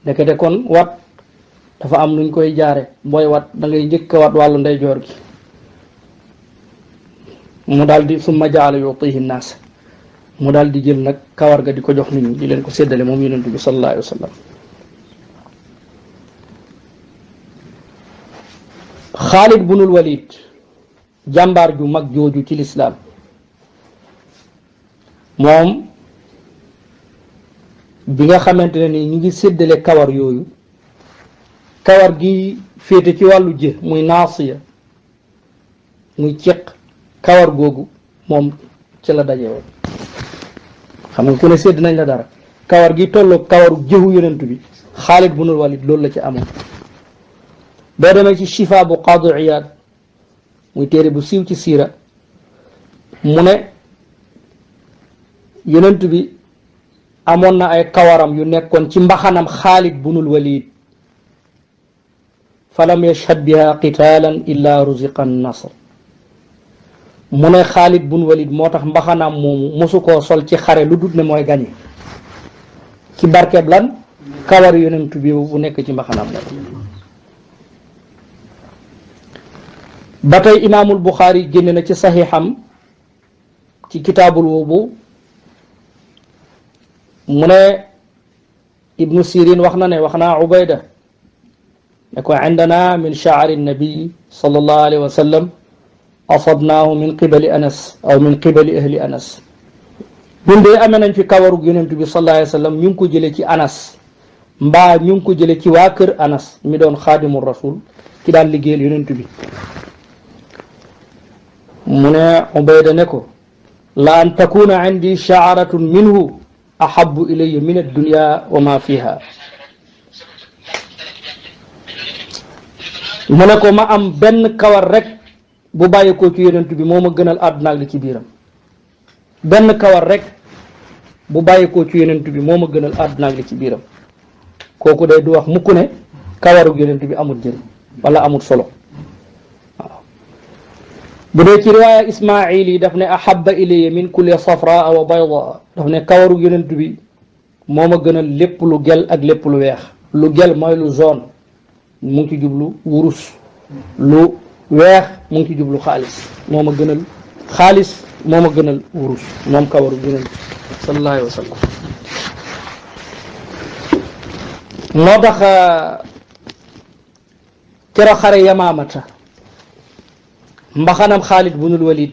ndekete kon wat dafa am nuñ koy jaare booy wat da ngay njëkk a wat wàllu ndeyjoor gi mu daal di summa jaala yutihi naas mu daal di jël nag kawar ga di ko jox nit ñi leen ko seddale moom yonent bi sallallahu alayhi wa sallam xaalid bunul walid jàmbaar ju mag jooju ci lislaam moom bi nga xamante ne ni ñu ngi séddale kawar yooyu kawar gi féete ci wàllu jë muy naasiya muy ceq kawar googu moom ci la daje woon xam nga ku ne sédd nañ la dara kawar gi tolloog kawaru jëhu yonent bi Xaalid bunul Walid loolu la ci amoon boo demee ci chifa bu Qaadi Iyaad muy téere bu siiw ci siira mu ne yonent bi amoon na ay kawaram yu nekkoon ci mbaxanam xaalit bunul walid falam yashhad biha qitaalan illa ruziqa nasr mu ne xaalid bun walid moo tax mbaxanaam moomu mosu koo sol ci xare lu dut ne mooy gañe ci barkeb lan kawar yonent bi bu nekk ci mbaxanam la ba tey imaamul buxaari génne na ci saxiixam ci kitaabul woobu mu ne ibnu sirin wax na ne wax naa ubayda ne ko indana min shaari nabii sal allahu alayhi wa sallam asabnaahu min qibali anas aw min qibali ahli anas ñun de amee nañ fi kawarug yonent bi sallallahu alayhi wa sallam ñu ngi ko jële ci anas mbaa ñu ngi ko jële ci waa kër anas mi doon xaadimu rasul ki daan liggéeyal yonent bi mu ne ubayda ne ko la an takuna indi shaaratun minhu ahabu ilayya min addunia wa ma fiha mu ne ko ma am benn kawar rek bu bàyyi ko ci yonent bi moo ma gënal àdduna ak li ci biiram benn kawar rek bu bàyyi koo ci yonent bi moo ma gënal àdduna ak li ci biiram kooku day du wax mukk ne kawaru yonent bi amul njëriñ wala amul solo بني في رواية إسماعيل دفن أحب إلي من كل صفراء وبيضاء دفن كور يونت بي موما غن لب لو جيل اك لب لو ويخ لو جيل موي لو زون مونكي جوبلو ورس لو ويخ مونكي جوبلو خالص موما غن خالص موما غن ورس موم كور يونت صلى الله عليه وسلم مدخ كرا خري يمامتا mbaxanam bu bunul Walid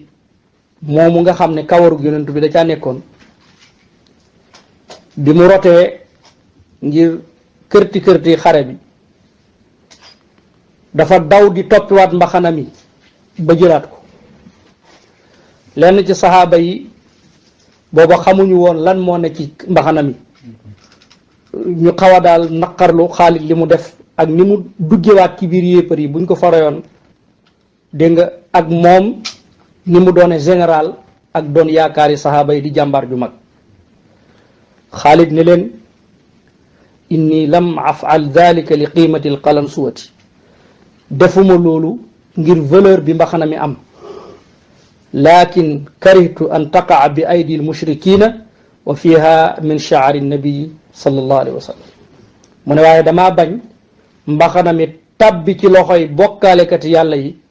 moomu nga xam ne kawarug yonent bi da caa nekkoon bi mu rotee ngir kërti kërti xare bi dafa daw di toppiwaat mbaxanam yi ba jëlaat ko lenn ci saxaaba yi booba xamuñu woon lan moo ne ci mbaxanam yi ñu xaw a daal naqarlu Xaalid li mu def ak ni mu duggewaat ci biir yéppar yi buñ ko farayoon dégg nga ak moom ni mu doone général ak doon yaakaari saxaaba yi di jàmbaar ju mag xaalid ne leen inni lam afal dalika li qiimati l suwati defuma loolu ngir valeur bi mbaxana mi am lakin karihtu an taqaa bi aydi l mushrikina wa fiha min shaari nabii sallallahu wa sallam mu ne waaye damaa bañ mbaxana mi tabbi ci loxoy bokkaalekat yàlla yi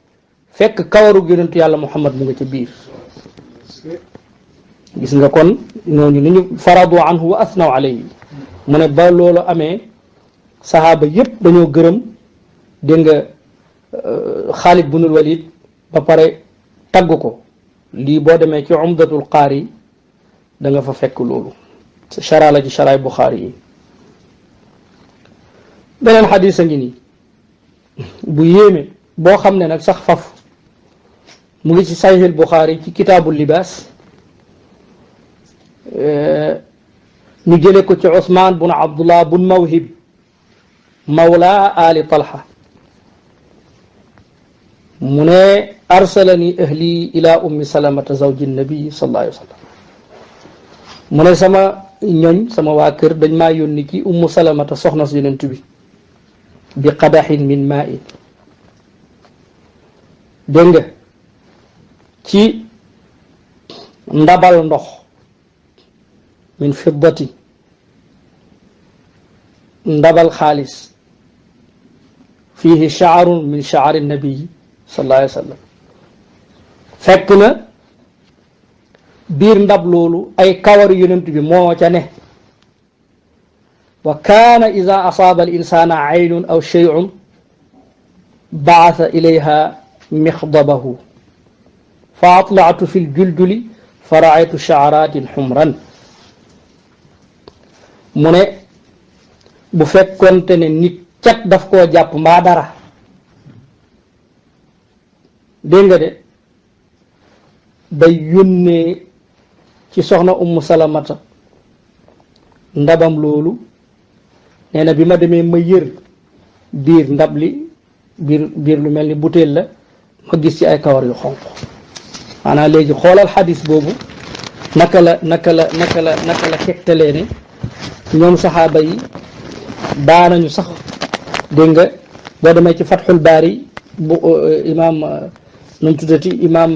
fekk kawarug yonentu yàlla muhammad mu nga ca biir gis nga kon ñooñu li ñu faradu anhu wa asnaw alayhi mu ne ba loolu amee sahaaba yépp dañoo gërëm dégg nga euh, xaalid bunul walid ba pare tagg ko lii boo demee ci umdatul qaari da nga fa fekk loolu chara la ci charaay buxaari yi beneen xadis a ngi nii bu yéeme boo xam ne nag sax faf mu ngi ci saxiixul Buxaari ci kitaabul libaas ñu jële ko ci Ousmane bun Abdullah bun Mawhib mawla Ali Talha mu ne arsalani ahli ila ummi salamata zawji nabi sallallahu alayhi wa sallam mu ne sama ñoñ sama waa kër dañ maa yónni ci ummu salamata soxna si yonent bi bi qadaxin min maa in dégg nga ci ndabal ndox min fiddati ndabal xaalis fiihi chaarun min chaari nabii sallallahu alayhi wa sallam fekk na biir ndab loolu ay kawar yonent bi moo ca ne wa kaana ida asaaba al insaana aynun aw cheyun baasa ilayha mixdabahu fa atlaatu fi ljulduli fa raaytu shaaraatin xumran mu ne bu fekkonte ne nit cat daf koo jàpp mbaa dara dégg de day yónnee ci soxna ummu salamata ndabam loolu nee na bi ma demee ma yër biir ndab biir biir lu mel ni butéel la ma gis ci ay kawar yu xonq maanaam léegi xoolal xadis boobu naka la naka la naka la naka la tegtalee ne ñoom saxaaba daanañu sax dégg nga boo ci fatxul baari bu uh, uh, imaam uh, nuñ tuddati imaam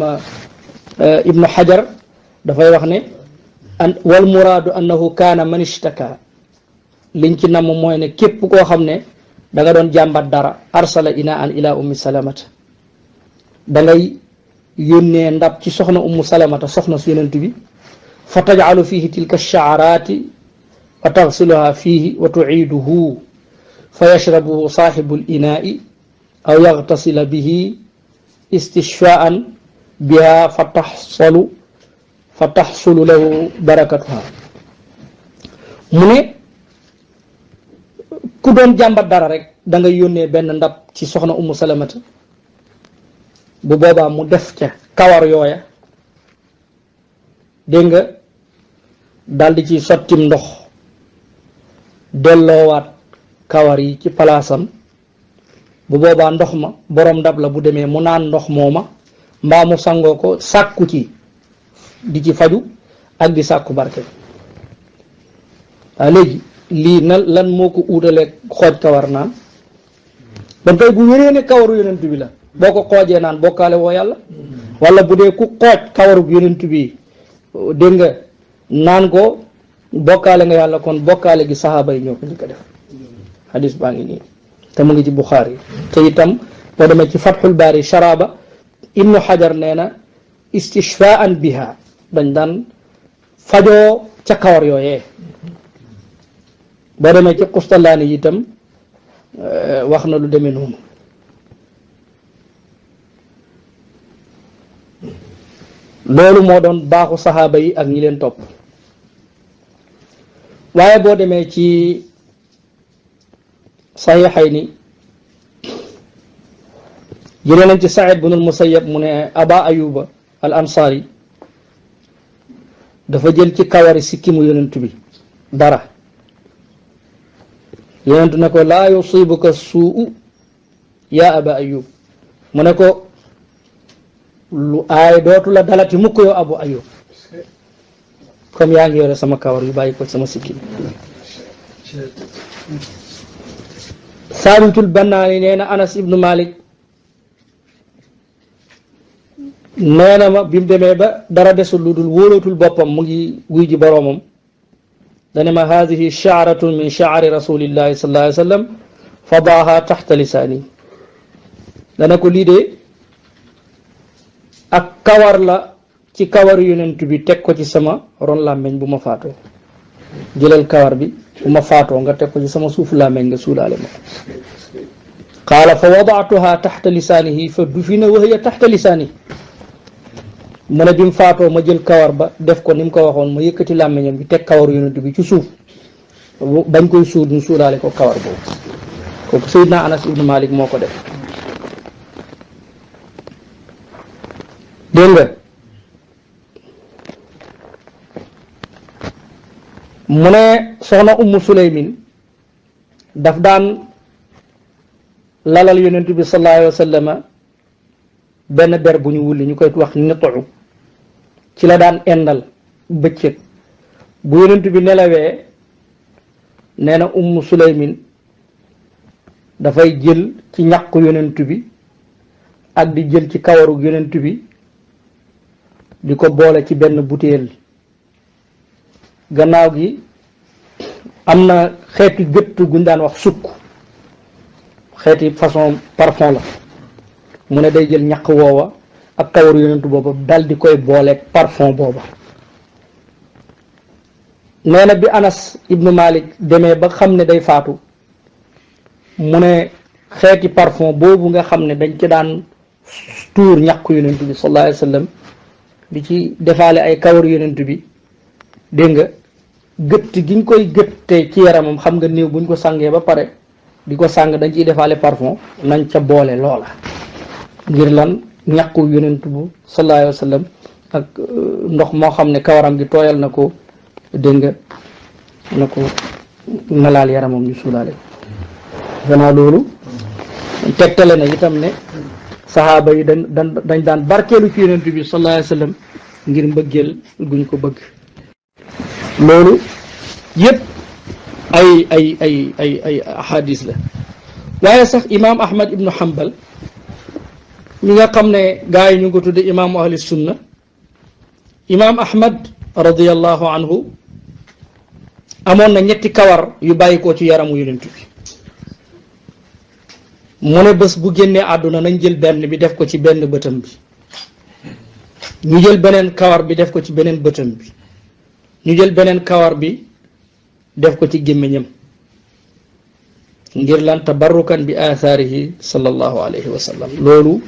ibnu xajar dafay wax ne an wal muraadu annahu kaana man ishtaka liñ ci namm mooy ne képp koo xam ne danga doon jàmbat dara arsala inaan ila ummi salamata yónnee ndab ci soxna ummu salamata soxna si bi foto tajcalu fiihi tilka shaaraati wa taxsiluha fiihi wa tuciiduhu fa yashrabuhu saaxibu linaai aw yaxtasila bihi biha fa taxsalu fa taxsulu lahu barakatuha mu ne ku doon jàmbat dara rek da ngay yónnee benn ndab ci soxna ummu bu boobaa mu def ca kawar yooya dégg nga daldi ci sottim ndox delloowaat kawar yi ci palaasam bu boobaa ndox ma boroom ndab la bu demee mu naan ndox mooma mbaa mu sangoo ko sàkku ci di ci faju ak di sàkku barke waaw léegi lii na lan moo ko uutalee xooj kawar naan ban tey bu wéree ne kawaru yonent bi la boo ko xoojee naan bokkaale woo yàlla wala bu dee ku xooj kawarub yonent bi dégg nga naan ko bokkaale nga yàlla kon bokkaale gi saxaaba yi mu ngi ci buxaar yi te ci fatxul baari sharaba ibnu xajar nee na istishfaan biha dañ daan fajoo ca kawar yooyee boo demee ci xustallaani itam eh, wax na lu deme noonu loolu moo doon baaxu saxaaba yi ak ñi leen topp waaye boo demee ci saxiixay ni jëlee nañ ci saïd bunul musayab mu ne aba ayuba al dafa jël ci kawari sikkimu yonent bi dara yonent ne ko laa yusibuka suu ya aba ayub lu aay dootu la dalati mukk yow abu ayub comme yaa ngi yore sama kawar yu bàyyi ko sama sikki saabitul bannaani nee na anas ibnu malik nee na ma bi mu demee ba dara desul lu dul boppam mu ngi wuy ji boroomam dane ma haadihi shaaratun min shaari rasulillahi sallallahu alayhi wa sallam fadaaha taxta lisaani dana ko lii de ak kawar la ci kawar yonent bi teg ko ci sama ron làmmeñ bu ma faatoo jëlal kawar bi bu ma faatoo nga teg ko ci sama suuf làmmeñ nga suulaale ma qaala fa wadaatuha taxta lisaanihi wa hiya taxta lisaanihi mu ne bi ma jël kawar ba def ko ni mu ko waxoon ma yëkkati làmmeñam bi teg kawar yonent bi ci suuf bañ koy suul ñu ko kawar boobu kooku moo ko def dégg nga mu ne soxna ummu suleymin daf daan lalal yonent bi sallallahu alayhi benn ber bu ñu wulli ñu koy wax nitoxu ci la daan endal bëccëg bu yonent bi nelawee nee na ummu suleymin dafay jël ci ñàkku yonent bi ak di jël ci kawaru yonent bi di ko boole ci benn butéel gannaaw gi am na xeeti gëtt guñ daan wax sukk xeeti façon parfum la mu ne day jël ñaq woowa ak kawar yonentu booba dal di koy booleeg parfum booba nee na bi anas ibnu malik demee ba xam ne day faatu mu ne xeeti parfum boobu nga xam ne dañ ci daan tuur ñaq yonentu bi sallallahu alayhi wa sallam di ci defaale ay kawar yonent bi dégg nga gëtt giñ koy tey ci yaramam xam nga néew buñ ko sangee ba pare di ko sàng dañ ciy defaale parfum nañ ca boole loola ngir lan ñàkku yonent bu sallallahu alayhi ak euh, ndox moo xam ne kawaram gi tooyal na ko dégg nga na ko nalaal yaramam ñu suulaale gannaaw loolu tegtale na itam ne saxaaba yi dañ dañ dañ daan barkeelu ci yonent bi sallallahu alayhi wa sallam ngir mbëggeel guñ ko bëgg loolu yëpp ay ay ay ay ay ahadis la waaye sax imaam ahmad ibnu hanbal ñi nga xam ne gars yi ñu ngi ko tudde imaamu ahli sunna imaam ahmad radiallahu anhu amoon na ñetti kawar yu bàyyi ko ci yaramu yonent bi mu ne bés bu génnee àdduna nañ jël benn bi def ko ci benn bëtam bi ñu jël beneen kawar bi def ko ci beneen bëtam bi ñu jël beneen kawar bi def ko ci gémmiñam ngir lan tabarrukan bi athaarihi sallallahu alayhi wa sallam loolu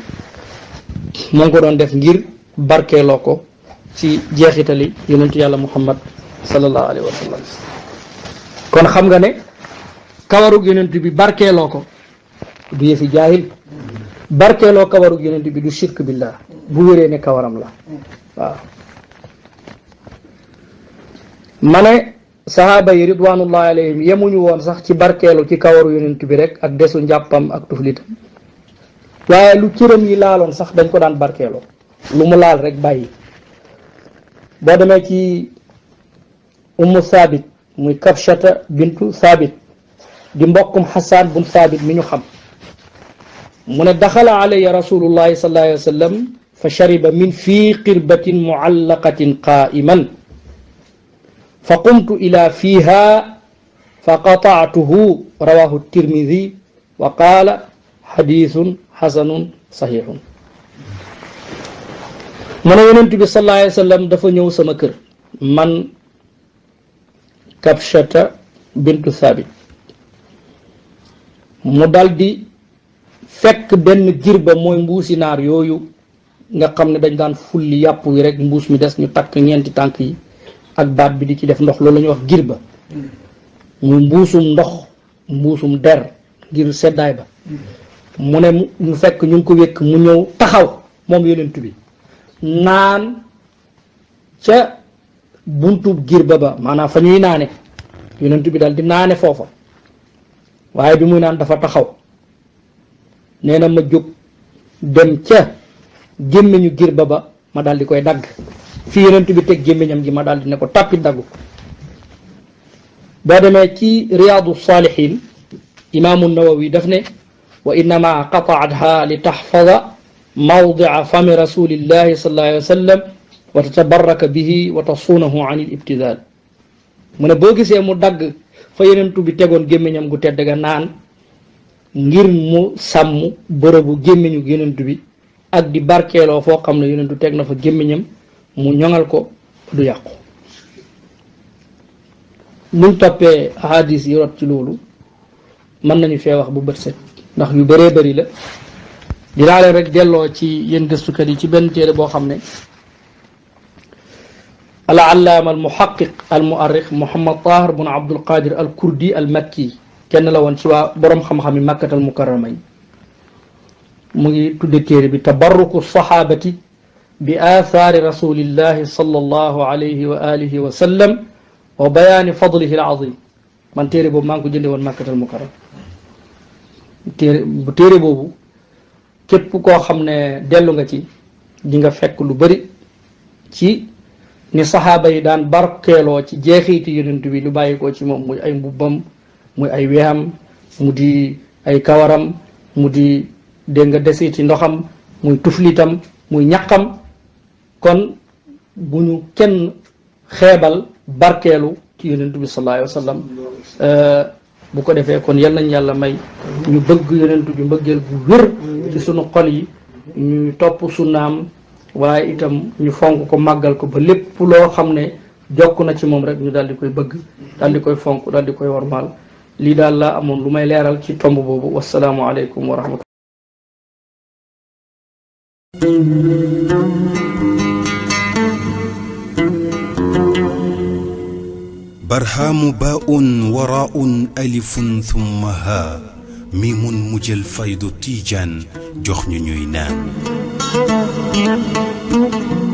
moo ngi ko doon def ngir barkeeloo ko ci jeexitali yonentu yàlla muhammad sallallahu alayhi wa sallam kon xam nga ne kawarug yonent bi barkeeloo ko du yëfi jaahil barkeeloo kawarug yonent bi du shirk billah bu wéree ne kawaram la waaw ma ne sahaaba yi ridwanullahi alayhim yemuñu woon sax ci barkeelu ci kawaru yonent bi rek ak desu njàppam ak tuflitam waaye lu cëram yi laaloon sax dañ ko daan barkeeloo lu mu laal rek bàyyi boo demee ci ummu saabit muy kabshata bintu saabit di mbokkum xasaan bun saabit mi ñu xam من دخل علي رسول الله صلى الله عليه وسلم فشرب من في قربة معلقة قائما فقمت إلى فيها فقطعته رواه الترمذي وقال حديث حسن صحيح من ينمت صلى الله عليه وسلم دفنه سمكر من كبشة بنت ثابت مدال دي fekk benn jirba mooy mbuusi naar yooyu nga xam ne dañ daan fulli yàpp wi rek mbuus mi des ñu takk ñeenti tànk yi ak baat bi di ci def ndox loolu la ñuy wax jirba muy mbuusum ndox mbuusum der ngir seddaay ba mu ne mu fekk ñu ngi ko wekk mu ñëw taxaw moom yonent bi naan ca buntub girba ba maanaam fa ñuy naane yonent bi daal di naane foofa waaye bi muy naan dafa taxaw nee na ma jóg dem ca gémmiñu girba ba ma daal di koy dagg fii yonent bi teg gémmiñam gi ma daal di ne ko tàppi daggu boo demee ci riyaadu saalihin imaamu nawawi daf ne wa innama qataatha li taxfada mawdia fami rasulillahi sallallahu alayhi wa sallam wa tatabaraka bihi mu dagg fa yonent bi tegoon gémmiñam gu tedd ga naan ngir mu sàmm bërëbu gémmiñu yonentu bi ak di barkeeloo foo xam ne du teg na fa gémmiñam mu ñoŋal ko du yàqu buñ toppee hadis yi ci loolu mën nañu fee wax bu bët set ndax yu bëree bëri la dinaa leen rek delloo ci yéen gëstukat yi ci benn téere boo xam ne al allaama al muhaqiq al muarrix muhammad tahir bun abdul qadir al kurdi al makki kenn la woon ci waa boroom xam-xam yi màkkatal mukarrama mu ngi tudde téere bi tabarruku saxaabati bi aathaari rasulillahi sallallahu alayhi wa alihi wa sallam wa bayaani fadlihi al man téere boobu maa ko woon màkkatal mukarrama téere boobu képp koo xam ne dellu nga ci di nga fekk lu bari ci ni saxaaba yi daan barkeeloo ci jeexiiti yonent bi lu bàyyi ko ci moom muy ay mbubbam muy ay weexam mu di ay kawaram mu di dégg nga desiti ndoxam muy tuflitam muy ñaqam kon bu ñu kenn xeebal barkeelu ci yonent bi sallallahu alayhi wa euh, bu ko defee kon yal nañ yàlla may ñu bëgg yonentu bi bu wér sunu xol yi ñu topp sunnaam waaye itam ñu fonk ko màggal ko ba lépp loo xam ne jokk na ci moom rek ñu daal di koy bëgg daal di koy fonk daal di koy warmaal lii daal la amoon lu may leeral ci tomb boobu wasalaamualeykum wa rahmatullah برهام باء وراء ألف ثم ها ميم مجل فيض تيجان جخن نام